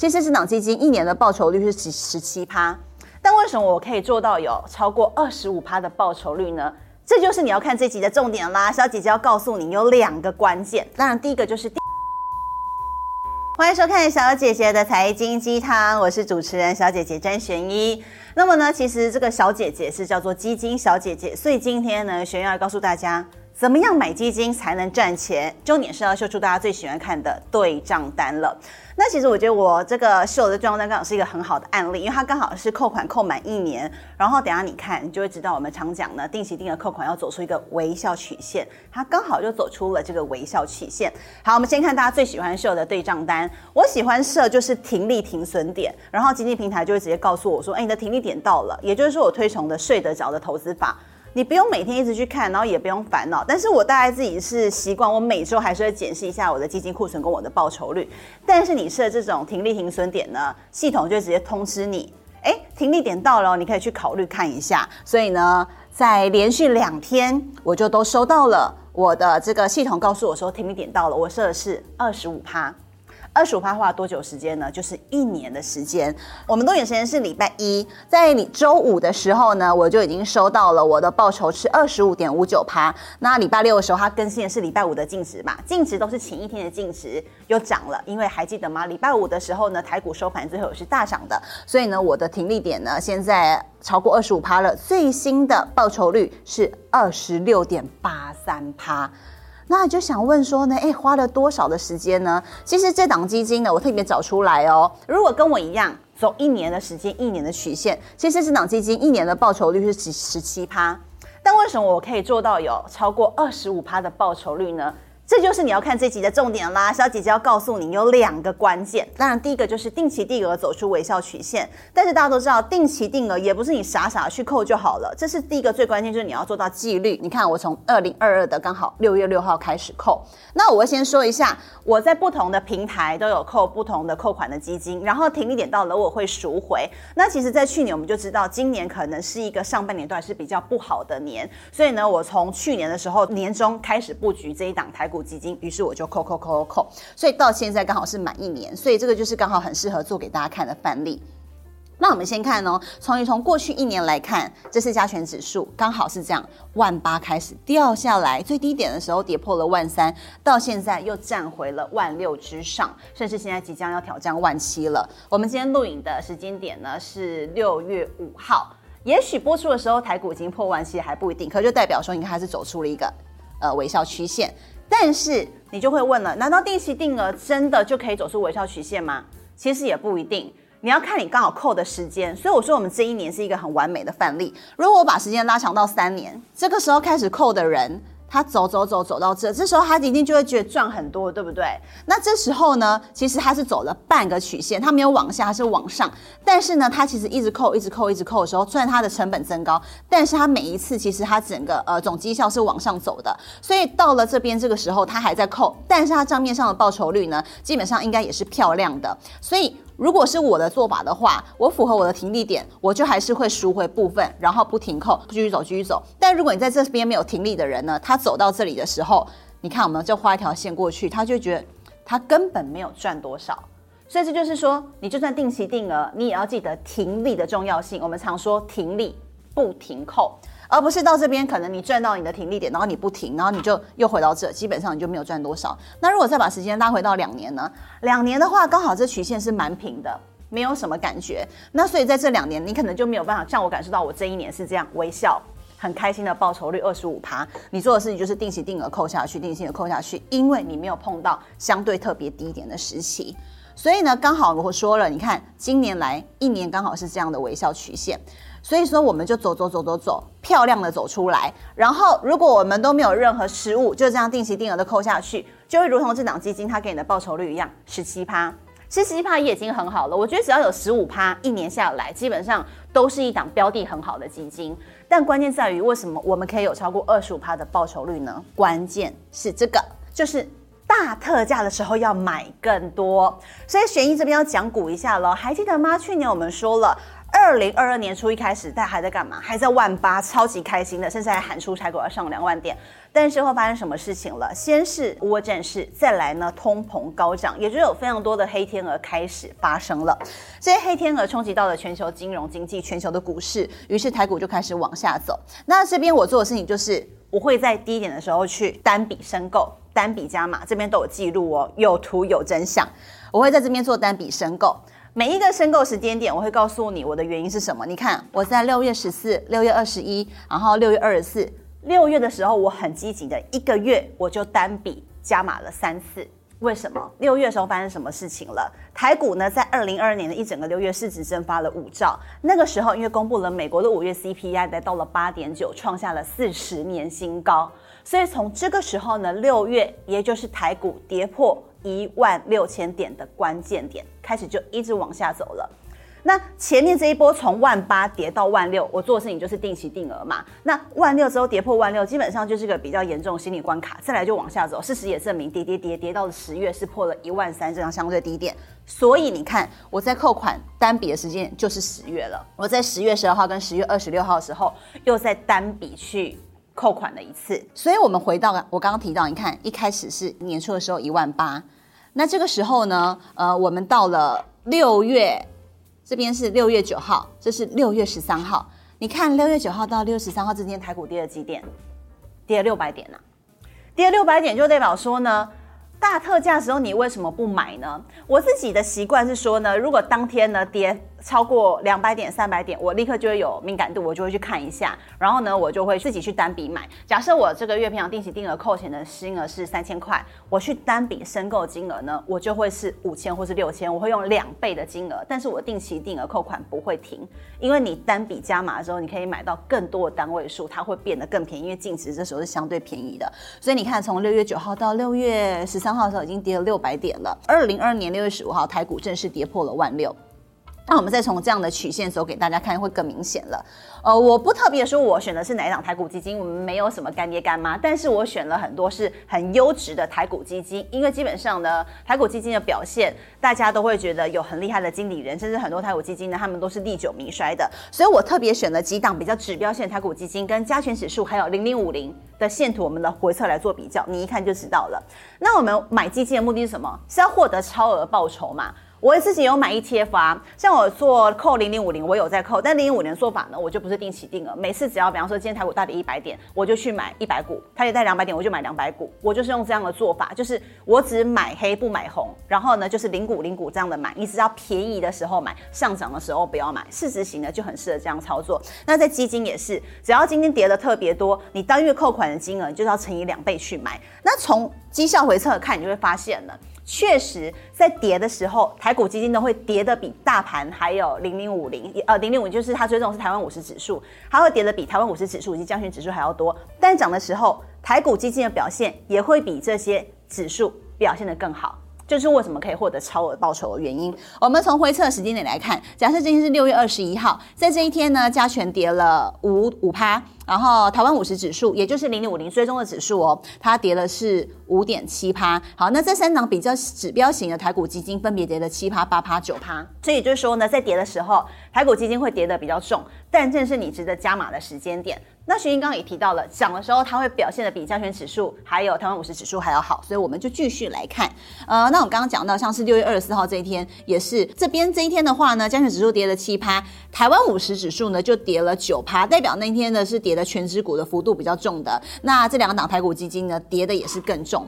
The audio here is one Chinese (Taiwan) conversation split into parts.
其實，這檔基金一年的報酬率是十十七趴，但為什麼我可以做到有超過二十五趴的報酬率呢？這就是你要看這集的重點啦！小姐姐要告訴你，有兩個關鍵。當然，第一個就是第，歡迎收看小姐姐的財經基湯，我是主持人小姐姐詹璇依。那麼呢，其實這個小姐姐是叫做基金小姐姐，所以今天呢，璇依要告訴大家，怎麼樣買基金才能賺錢？重點是要秀出大家最喜歡看的對賬單了。那其實我覺得我這個秀的對賬單剛好是一個很好的案例，因為它剛好是扣款扣滿一年，然後等一下你看，你就會知道我們常講呢，定期定額扣款要走出一個微笑曲線，它剛好就走出了這個微笑曲線。好，我們先看大家最喜歡秀的對賬單。我喜歡設就是停利停損點，然後基金平台就會直接告訴我說，哎，你的停利點到了，也就是說我推崇的睡得着的投資法。你不用每天一直去看，然後也不用煩惱。但是我大概自己是習慣，我每周還是會檢視一下我的基金庫存跟我的報酬率。但是你設這種停利停損點呢，系統就直接通知你，哎，停利點到了，你可以去考慮看一下。所以呢，在連續兩天，我就都收到了我的這個系統告訴我說停利點到了，我設的是二十五趴。二十五趴花了多久時間呢？就是一年的時間。我們多年時間是禮拜一，在你周五的時候呢，我就已經收到了我的報酬，是二十五點五九趴。那禮拜六的時候，它更新的是禮拜五的淨值嘛，淨值都是前一天的淨值又漲了，因為還記得嗎？禮拜五的時候呢，台股收盤最後也是大漲的，所以呢，我的停利點呢現在超過二十五趴了。最新的報酬率是二十六點八三趴。那就想問說呢，哎，花了多少的時間呢？其實這檔基金呢，我特別找出來哦。如果跟我一樣走一年的時間，一年的曲線，其實這檔基金一年的報酬率是十七趴。但為什麼我可以做到有超過二十五趴的報酬率呢？這就是你要看這集的重點啦，小姐姐要告訴你，你有兩個關鍵。當然，第一個就是定期定額走出微笑曲線。但是大家都知道，定期定額也不是你傻傻去扣就好了。這是第一個最關鍵，就是你要做到紀律。你看，我從二零二二的剛好六月六號開始扣。那我會先說一下，我在不同的平台都有扣不同的扣款的基金，然後停一點到了我會贖回。那其實，在去年我們就知道，今年可能是一個上半年段是比較不好的年，所以呢，我從去年的時候年終開始布局這一檔台股。基金，於是我就扣扣扣扣扣，所以到現在剛好是滿一年，所以這個就是剛好很適合做給大家看的範例。那我們先看哦，從一從過去一年來看，這次加權指數，剛好是這樣，萬八開始掉下來，最低點的時候跌破了萬三，到現在又站回了萬六之上，甚至現在即將要挑戰萬七了。我們今天錄影的時間點呢是六月五號，也許播出的時候台股已經破萬七還不一定，可就代表說，你看它是走出了一個呃微笑曲線。但是你就會問了，難道定期定額真的就可以走出微笑曲線嗎？其實也不一定，你要看你剛好扣的時間。所以我說我們這一年是一個很完美的範例。如果我把時間拉長到三年，這個時候開始扣的人。他走走走走到這，這時候他一定就會覺得賺很多，對不對？那這時候呢，其實他是走了半個曲線，他沒有往下，他是往上。但是呢，他其實一直扣，一直扣，一直扣的時候，雖然他的成本增高，但是他每一次其實他整個呃總績效是往上走的。所以到了這邊這個時候，他還在扣，但是他賬面上的報酬率呢，基本上應該也是漂亮的。所以。如果是我的做法的話，我符合我的停利點，我就還是會贖回部分，然後不停扣，繼續走，繼續走。但如果你在這邊沒有停利的人呢，他走到這裡的時候，你看，我們就畫一條線過去，他就覺得他根本沒有賺多少。所以這就是說，你就算定期定額，你也要記得停利的重要性。我們常說停利不停扣。而不是到這邊，可能你賺到你的停利點，然後你不停，然後你就又回到這，基本上你就沒有賺多少。那如果再把時間拉回到兩年呢？兩年的話，剛好這曲線是蠻平的，沒有什麼感覺。那所以在這兩年，你可能就沒有辦法像我感受到，我這一年是這樣微笑很開心的報酬率二十五趴。你做的事情就是定期定額扣下去，定期的扣下去，因為你沒有碰到相對特別低一點的時期。所以呢，剛好我說了，你看今年來一年剛好是這樣的微笑曲線。所以說，我們就走走走走走，漂亮的走出來。然後，如果我們都沒有任何失誤，就這樣定期定額的扣下去，就會如同這檔基金它給你的報酬率一樣，十七趴。其實十七趴也已經很好了。我覺得只要有十五趴，一年下來，基本上都是一檔標的很好的基金。但關鍵在於，為什麼我們可以有超過二十五趴的報酬率呢？關鍵是這個，就是大特價的時候要買更多。所以，璇依這邊要講古一下咯。還記得嗎？去年我們說了。二零二二年初一開始，大家還在幹嘛？還在萬八，超級開心的，甚至還喊出台股要上兩萬點。但是會發生什麼事情了？先是俄烏戰事，再來呢，通膨高漲，也就是有非常多的黑天鵝開始發生了。這些黑天鵝衝擊到了全球金融經濟，全球的股市，於是台股就開始往下走。那這邊我做的事情就是，我會在低點的時候去單筆申購，單筆加碼，這邊都有記錄哦，有圖有真相。我會在這邊做單筆申購。每一個申購時間點，我會告訴你我的原因是什麼。你看，我在六月十四、六月二十一，然後六月二十四、六月的時候，我很積極的一個月，我就單筆加碼了三次。為什麼？六月的時候發生什麼事情了？台股呢，在二零二二年的一整個六月，市值蒸發了五兆。那個時候，因為公布了美國的五月 CPI 來到了八點九，創下了四十年新高。所以從這個時候呢，六月也就是台股跌破。一萬六千點的關鍵點開始就一直往下走了，那前面這一波從萬八跌到萬六，我做的事情就是定期定額嘛。那萬六之後跌破萬六，基本上就是個比較嚴重的心理關卡，再來就往下走。事實也證明，跌跌跌跌到了十月是破了一萬三，這樣相對的低點。所以你看，我在扣款單筆的時間就是十月了。我在十月十二號跟十月二十六號的時候又在單筆去。扣款的一次，所以我們回到我剛剛提到，你看一開始是年初的時候一萬八，那這個時候呢，呃，我們到了六月，這邊是六月九號，這是六月十三號，你看六月九號到六月十三號之間，台股跌了幾點？跌了六百點吶，啊，跌了六百點就代表說呢，大特價時候你為什麼不買呢？我自己的習慣是說呢，如果當天呢跌超過兩百點、三百點，我立刻就會有敏感度，我就會去看一下。然後呢，我就會自己去單筆買。假設我這個月平常定期定額扣錢的金額是三千塊，我去單筆申購金額呢，我就會是五千或是六千，我會用兩倍的金額。但是我定期定額扣款不會停，因為你單筆加碼的時候，你可以買到更多的單位數，它會變得更便宜，因為淨值這時候是相對便宜的。所以你看，從六月九號到六月十三號的時候，已經跌了六百點了。二零二二年六月十五號，台股正式跌破了萬六。那我們再從這樣的曲線走給大家看，會更明顯了。呃，我不特別說我選的是哪一檔台股基金，我們沒有什麼乾爹乾媽，但是我選了很多是很優質的台股基金，因為基本上呢，台股基金的表現，大家都會覺得有很厲害的經理人，甚至很多台股基金呢，他們都是歷久彌衰的。所以我特別選了幾檔比較指標性的台股基金，跟加權指數還有零零五零的線圖，我們的回測來做比較，你一看就知道了。那我們買基金的目的是什麼？是要獲得超額報酬嘛？我自己有買 ETF 啊，像我做扣零零五零，我有在扣，但零零五零的做法呢，我就不是定期定額，每次只要，比方說今天台股大跌一百點，我就去買一百股；台股大跌兩百點，我就買兩百股。我就是用這樣的做法，就是我只買黑不買紅，然後呢，就是零股零股這樣的買，你只要便宜的時候買，上漲的時候不要買。市值型的就很適合這樣操作。那在基金也是，只要今天跌的特別多，你當月扣款的金額就是要乘以兩倍去買。那從績效回測看，你就會發現了。確實，在跌的時候，台股基金都會跌得比大盤，還有零零五零，呃，零零五就是它追蹤是台灣五十指數，它會跌得比台灣五十指數以及加權指數還要多。但漲的時候，台股基金的表現也會比這些指數表現得更好，就是為什麼可以獲得超額報酬的原因。嗯、我們從回測的時間點來看，假設今天是六月二十一號，在這一天呢，加權跌了五五趴。然後台灣五十指數，也就是零零五零追蹤的指數哦，它跌了是五點七趴。好，那這三檔比較指標型的台股基金，分別跌了七趴、八趴、九趴。所以也就是說呢，在跌的時候，台股基金會跌得比較重，但正是你值得加碼的時間點。那徐英剛剛也提到了，漲的時候它會表現得比加權指數還有台灣五十指數還要好，所以我們就繼續來看。呃，那我們剛剛講到，像是六月二十四號這一天，也是這邊這一天的話呢，加權指數跌了七趴。台灣五十指數呢，就跌了九趴，代表那天呢是跌的權值股的幅度比較重的。那這兩個檔台股基金呢，跌的也是更重。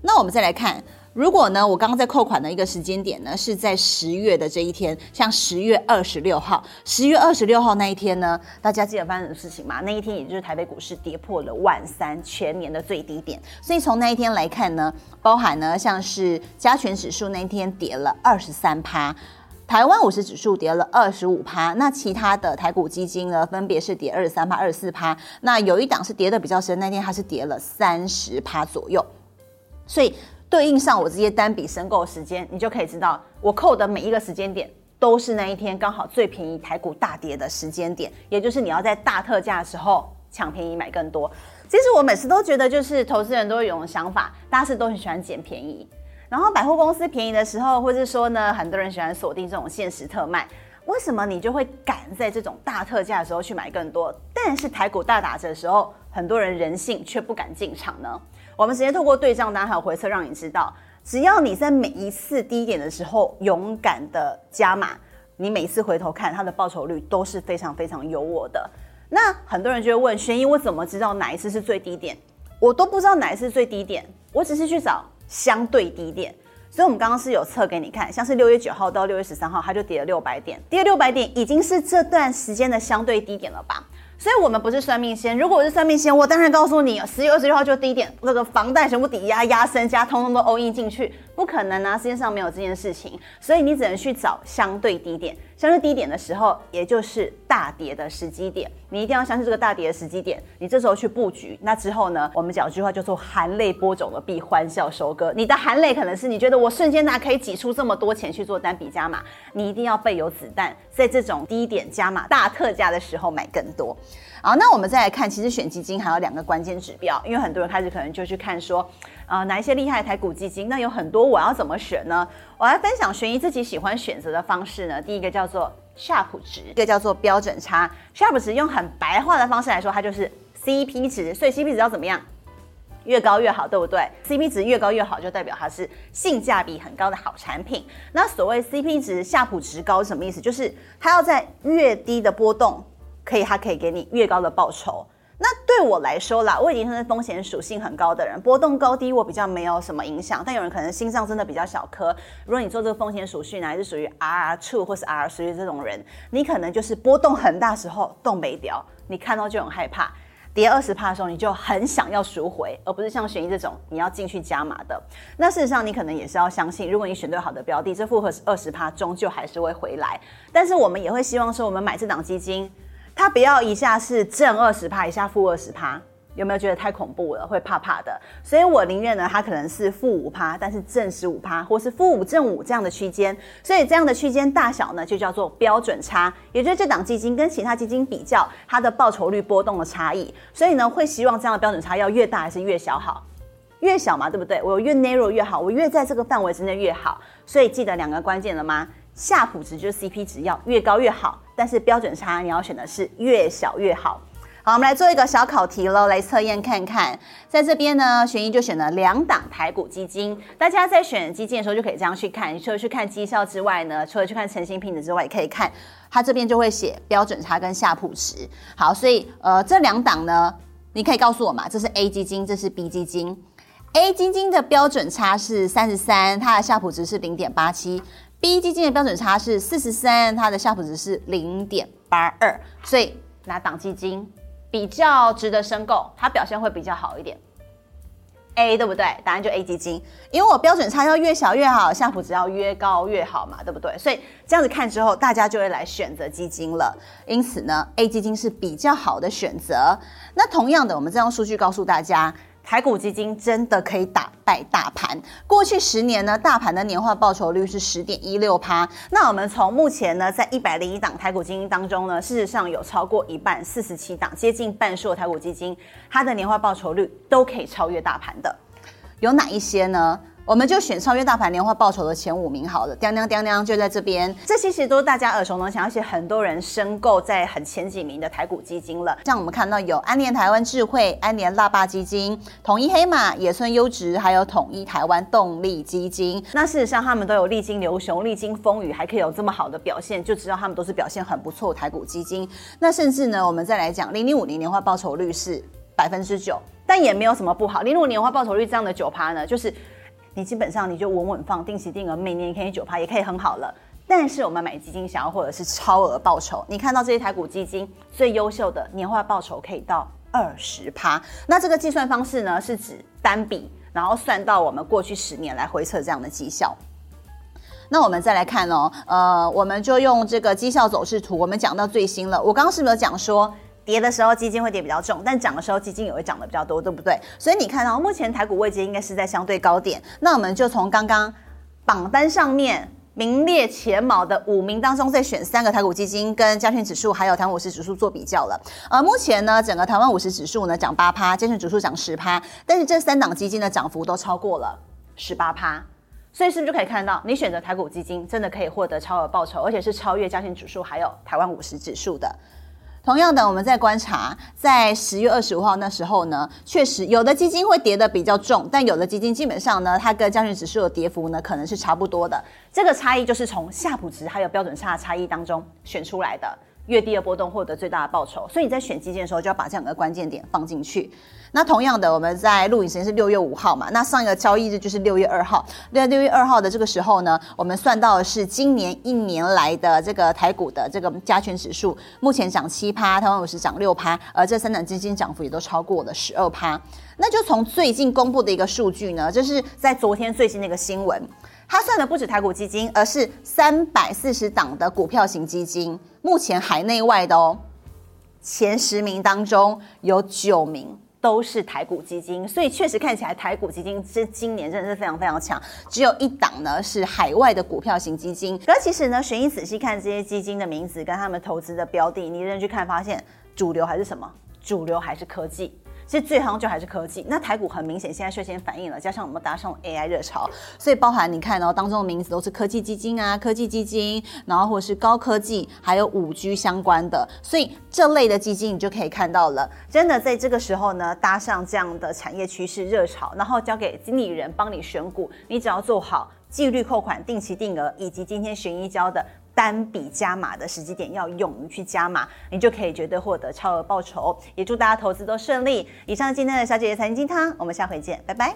那我們再來看，如果呢，我剛剛在扣款的一個時間點呢，是在十月的這一天，像十月二十六號，十月二十六號那一天呢，大家記得發生的事情嗎？那一天也就是台北股市跌破了萬三，全年的最低點。所以從那一天來看呢，包含呢像是加權指數那一天跌了二十三趴。台灣五十指數跌了二十五趴，那其他的台股基金呢，分別是跌二十三趴、二十四趴。那有一檔是跌的比較深，那天它是跌了三十趴左右。所以對應上我這些單筆申購時間，你就可以知道我扣的每一個時間點都是那一天剛好最便宜台股大跌的時間點，也就是你要在大特價的時候搶便宜買更多。其實我每次都覺得，就是投資人都有一種想法，大家是都很喜歡撿便宜。然後百貨公司便宜的時候，或是說呢，很多人喜歡鎖定這種限時特賣。為什麼你就會敢在這種大特價的時候去買更多？但是台股大打折的時候，很多人人性卻不敢進場呢？我們直接透過對賬單還有回測，讓你知道，只要你在每一次低點的時候勇敢的加碼，你每一次回頭看它的報酬率都是非常非常優渥的。那很多人就會問：璇依，我怎麼知道哪一次是最低點？我都不知道哪一次最低點，我只是去找。相對低點，所以我們剛剛是有測給你看，像是六月九號到六月十三號，它就跌了六百點，跌了六百點已經是這段時間的相對低點了吧？所以我們不是算命仙，如果我是算命仙，我當然告訴你，十月二十六號就低點，那個房貸全部抵押，押身家，通通都歐印進去。不可能啊，世界上沒有這件事情，所以你只能去找相對低點。相對低點的時候，也就是大跌的時機點，你一定要相信這個大跌的時機點。你這時候去布局，那之後呢？我們講一句話叫做“含淚播種的必歡笑收割”。你的含淚可能是你覺得我瞬間拿可以擠出這麼多錢去做單筆加碼，你一定要備有子彈，在這種低點加碼大特價的時候買更多。好，那我們再來看，其實選基金還有兩個關鍵指標，因為很多人開始可能就去看說，呃，哪一些厲害的台股基金？那有很多，我要怎麼選呢？我來分享璇依自己喜歡選擇的方式呢？第一個叫做夏普值，一個叫做標準差。夏普值用很白話的方式來說，它就是 C P 值。所以 C P 值要怎麼樣？越高越好，對不對？C P 值越高越好，就代表它是性價比很高的好產品。那所謂 C P 值，夏普值高是什麼意思？就是它要在越低的波動。可以，他可以給你越高的報酬。那對我來說啦，我已經是風險屬性很高的人，波動高低我比較沒有什麼影響。但有人可能心臟真的比較小顆。如果你做這個風險屬性呢，還是屬於 R2 或是 R3 這種人，你可能就是波動很大時候動沒掉，你看到就很害怕，跌二十趴的時候你就很想要贖回，而不是像璇依這種你要進去加碼的。那事實上你可能也是要相信，如果你選對好的標的，這複合是二十趴終究還是會回來。但是我們也會希望說，我們買這檔基金。它不要一下是正二十趴，一下負二十趴，有沒有覺得太恐怖了，會怕怕的？所以我寧願呢，它可能是負五趴，但是正十五趴，或是負五正五這樣的區間。所以這樣的區間大小呢，就叫做標準差，也就是這檔基金跟其他基金比較，它的報酬率波動的差異。所以呢，會希望這樣的標準差要越大還是越小好？越小嘛，對不對？我有越 narrow 越好，我越在這個範圍之內越好。所以記得兩個關鍵了嗎？夏普值就是 CP 值，要越高越好，但是標準差你要選的是越小越好。好，我們來做一個小考題嘍，來測驗看看。在這邊呢，璇依就選了兩檔台股基金，大家在選基金的時候就可以這樣去看。除了去看績效之外呢，除了去看成信品質之外，也可以看它這邊就會寫標準差跟夏普值。好，所以呃這兩檔呢，你可以告訴我嘛，這是 A 基金，這是 B 基金。A 基金的標準差是三十三，它的夏普值是零點八七。B 基金的標準差是四十三，它的夏普值是零點八二，所以哪檔基金比較值得申購，它表現會比較好一點。A 對不對？答案就 A 基金，因為我標準差要越小越好，夏普值要越高越好嘛，對不對？所以這樣子看之後，大家就會來選擇基金了。因此呢，A 基金是比較好的選擇。那同樣的，我們這張數據告訴大家，台股基金真的可以打。敗大盤，過去十年呢，大盤的年化報酬率是十點一六趴。那我們從目前呢，在一百零一檔台股基金當中呢，事實上有超過一半，四十七檔接近半數的台股基金，它的年化報酬率都可以超越大盤的，有哪一些呢？我們就選超越大盤年化報酬的前五名好了，叮當叮當就在這邊。這些其實都是大家耳熟能詳，而且很多人申購在很前幾名的台股基金了。像我們看到有安聯台灣智慧、安聯大壩基金、統一黑馬、野村優質，還有統一台灣動力基金。那事實上，他們都有歷經牛熊、歷經風雨，還可以有這麼好的表現，就知道他們都是表現很不錯的台股基金。那甚至呢，我們再來講零零五零年化報酬率是百分之九，但也沒有什麼不好。零五年年化報酬率這樣的九趴呢，就是。你基本上，你就穩穩放定期定額，每年可以九趴，也可以很好了。但是我們買基金想要獲得是超額報酬，你看到這些台股基金最優秀的年化報酬可以到二十趴。那這個計算方式呢，是指單筆，然後算到我們過去十年來回測這樣的績效。那我們再來看哦，呃，我們就用這個績效走勢圖，我們講到最新了。我剛剛是不是有講說？跌的時候基金會跌比較重，但漲的時候基金也會漲得比較多，對不對？所以你看到，哦，目前台股位階應該是在相對高點，那我們就從剛剛榜單上面名列前茅的五名當中，再選三個台股基金跟加權指數還有台灣五十指數做比較了。呃，目前呢，整個台灣五十指數呢漲八趴，加權指數漲十趴，但是這三檔基金的漲幅都超過了十八趴，所以是不是就可以看到，你選擇台股基金真的可以獲得超額報酬，而且是超越加權指數還有台灣五十指數的？同樣的，我們在觀察，在十月二十五號那時候呢，確實有的基金會跌得比較重，但有的基金基本上呢，它跟加權指數的跌幅呢，可能是差不多的。這個差異就是從夏普值還有標準差的差異當中選出來的，越低的波動獲得最大的報酬。所以你在選基金的時候，就要把這兩個關鍵點放進去。那同樣的，我們在錄影時間是六月五號嘛？那上一個交易日就是六月二號。六六月二號的這個時候呢，我們算到的是今年一年來的這個台股的這個加權指數，目前漲七趴，台灣五十漲六趴，而這三檔基金漲幅也都超過了十二趴。那就從最近公布的一個數據呢，就是在昨天最新的一個新聞，它算的不止台股基金，而是三百四十檔的股票型基金，目前海內外的哦，前十名當中有九名。都是台股基金，所以確實看起來台股基金這今年真的是非常非常強，只有一檔呢是海外的股票型基金。所以其實呢，選一仔細看這些基金的名字跟他們投資的標的，你認真去看，發現主流還是什麼？主流還是科技。其實最好就還是科技，那台股很明顯現在率先反應了，加上我們搭上 AI 熱潮，所以包含你看哦當中的名字都是科技基金啊，科技基金，然後或者是高科技，還有五 G 相關的，所以這類的基金你就可以看到了。真的在這個時候呢，搭上這樣的產業趨勢熱潮，然後交給經理人幫你選股，你只要做好紀律扣款、定期定額，以及今天璇依教的。單筆加碼的時機點要，要勇於去加碼，你就可以絕對獲得超額報酬。也祝大家投資都順利。以上今天的小姐姐財經基湯，我們下回見，拜拜。